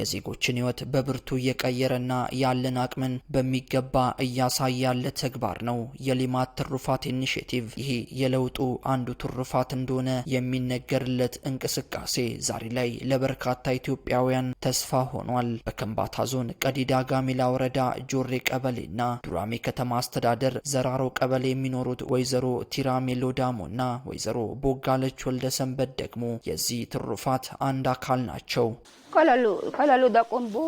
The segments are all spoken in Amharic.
የዜጎችን ህይወት በብርቱ እየቀየረና ያለን አቅምን በሚገባ እያሳየ ያለ ተግባር ነው የልማት ትሩፋት ኢኒሽቲቭ። ይሄ የለውጡ አንዱ ትሩፋት እንደሆነ የሚነገርለት እንቅስቃሴ ዛሬ ላይ ለበርካታ ኢትዮጵያውያን ተስፋ ሆኗል። በከምባታ ዞን ቀዲዳ ጋሚላ ወረዳ ጆሬ ቀበሌና ዱራሜ ከተማ አስተዳደር ዘራሮ ቀበሌ የሚኖሩት ወይዘሮ ቲራሜሎ ዳሞና ወይዘሮ ቦጋለች ወልደ ደግሞ የዚህ ትሩፋት አንድ አካል ናቸው።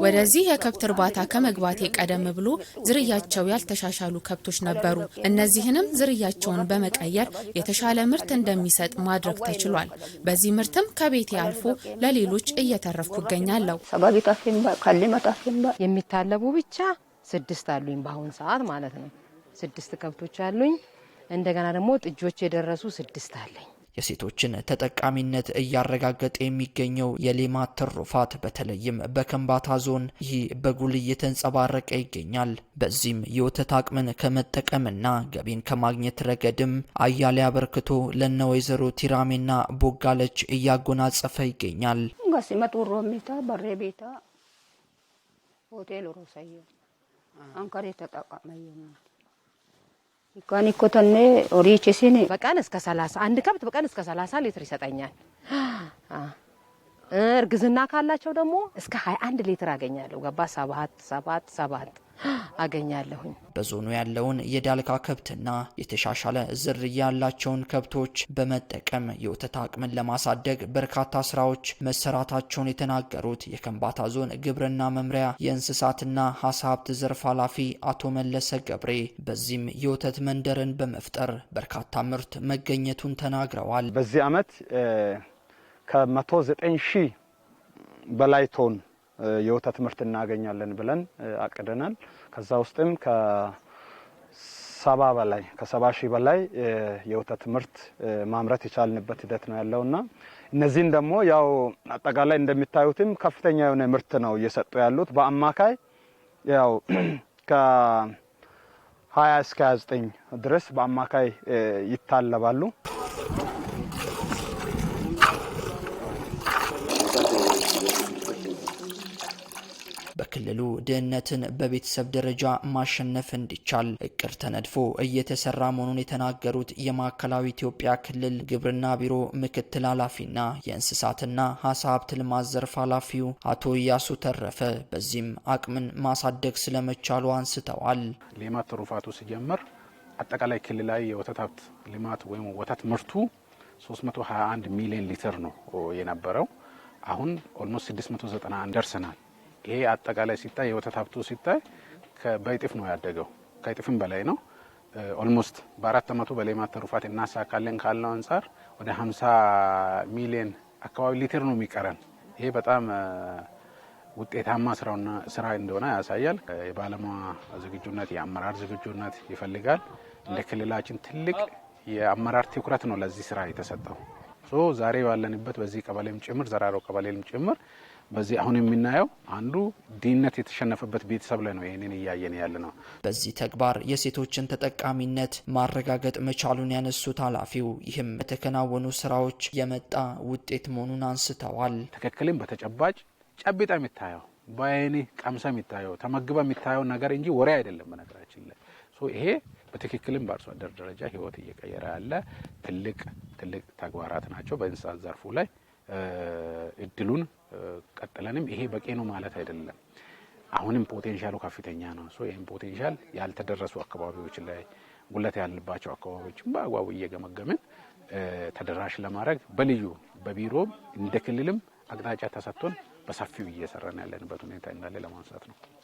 ወደዚህ የከብት እርባታ ከመግባቴ ቀደም ብሎ ዝርያቸው ያልተሻሻሉ ከብቶች ነበሩ። እነዚህንም ዝርያቸውን በመቀየር የተሻለ ምርት እንደሚሰጥ ማድረግ ተችሏል። በዚህ ምርትም ከቤቴ አልፎ ለሌሎች እየተረፍኩ እገኛለሁ። የሚታለቡ ብቻ ስድስት አሉኝ በአሁን ሰዓት ማለት ነው። ስድስት ከብቶች አሉኝ። እንደገና ደግሞ ጥጆች የደረሱ ስድስት አለኝ። የሴቶችን ተጠቃሚነት እያረጋገጠ የሚገኘው የሌማት ትሩፋት በተለይም በከምባታ ዞን ይህ በጉል እየተንጸባረቀ ይገኛል። በዚህም የወተት አቅምን ከመጠቀምና ገቢን ከማግኘት ረገድም አያሌ አበርክቶ ለነ ወይዘሮ ቲራሜና ቦጋለች እያጎናጸፈ ይገኛል። ሆቴል ሮሰየ አንከሬ ተጠቃመ በቀን እስከ ሰላሳ አንድ ከብት በቀን እስከ 30 ሊትር ይሰጠኛል። እርግዝና ካላቸው ደግሞ እስከ 21 ሊትር አገኛለሁ። ገባ ሰባት ሰባት ሰባት አገኛለሁኝ። በዞኑ ያለውን የዳልጋ ከብትና የተሻሻለ ዝርያ ያላቸውን ከብቶች በመጠቀም የወተት አቅምን ለማሳደግ በርካታ ስራዎች መሰራታቸውን የተናገሩት የከንባታ ዞን ግብርና መምሪያ የእንስሳትና ዓሳ ሀብት ዘርፍ ኃላፊ አቶ መለሰ ገብሬ በዚህም የወተት መንደርን በመፍጠር በርካታ ምርት መገኘቱን ተናግረዋል። በዚህ ዓመት ከ109 ሺህ በላይ ቶን የወተት ምርት እናገኛለን ብለን አቅደናል። ከዛ ውስጥም ከሰባ በላይ ከሰባ ሺህ በላይ የወተት ምርት ማምረት የቻልንበት ሂደት ነው ያለውና እነዚህን ደግሞ ያው አጠቃላይ እንደሚታዩትም ከፍተኛ የሆነ ምርት ነው እየሰጡ ያሉት በአማካይ ያው ከ20 እስከ 29 ድረስ በአማካይ ይታለባሉ። ክልሉ ድህነትን በቤተሰብ ደረጃ ማሸነፍ እንዲቻል እቅድ ተነድፎ እየተሰራ መሆኑን የተናገሩት የማዕከላዊ ኢትዮጵያ ክልል ግብርና ቢሮ ምክትል ኃላፊና የእንስሳትና ዓሳ ሀብት ልማት ዘርፍ ኃላፊው አቶ እያሱ ተረፈ በዚህም አቅምን ማሳደግ ስለመቻሉ አንስተዋል። ሌማት ትሩፋቱ ሲጀምር አጠቃላይ ክልላዊ የወተት ሀብት ልማት ወይም ወተት ምርቱ 321 ሚሊዮን ሊትር ነው የነበረው። አሁን ኦልሞስት 691 ደርሰናል። ይሄ አጠቃላይ ሲታይ የወተት ሀብቱ ሲታይ በእጥፍ ነው ያደገው፣ ከእጥፍም በላይ ነው። ኦልሞስት በአራት አመቱ በሌማት ትሩፋት እናሳካለን ካለው አንጻር ወደ 50 ሚሊዮን አካባቢ ሊትር ነው የሚቀረን። ይሄ በጣም ውጤታማ ስራ እንደሆነ ያሳያል። የባለሙያ ዝግጁነት፣ የአመራር ዝግጁነት ይፈልጋል። እንደ ክልላችን ትልቅ የአመራር ትኩረት ነው ለዚህ ስራ የተሰጠው። ዛሬ ባለንበት በዚህ ቀበሌም ጭምር ዘራሮ ቀበሌም ጭምር በዚህ አሁን የምናየው አንዱ ድህነት የተሸነፈበት ቤተሰብ ላይ ነው። ይህንን እያየን ያለ ነው። በዚህ ተግባር የሴቶችን ተጠቃሚነት ማረጋገጥ መቻሉን ያነሱት ኃላፊው፣ ይህም በተከናወኑ ስራዎች የመጣ ውጤት መሆኑን አንስተዋል። ትክክልም በተጨባጭ ጨብጣ የሚታየው በአይኔ ቀምሰ የሚታየው ተመግበ የሚታየው ነገር እንጂ ወሬ አይደለም። በነገራችን ላይ ይሄ በትክክልም በአርሶ አደር ደረጃ ህይወት እየቀየረ ያለ ትልቅ ትልቅ ተግባራት ናቸው። በእንስሳት ዘርፉ ላይ እድሉን ቀጥለንም ይሄ በቂ ነው ማለት አይደለም። አሁንም ፖቴንሻሉ ከፍተኛ ነው። ሶ ይህም ፖቴንሻል ያልተደረሱ አካባቢዎች ላይ ጉለት ያለባቸው አካባቢዎችን በአግባቡ እየገመገምን ተደራሽ ለማድረግ በልዩ በቢሮም እንደ ክልልም አቅጣጫ ተሰጥቶን በሰፊው እየሰራን ያለንበት ሁኔታ እንዳለ ለማንሳት ነው።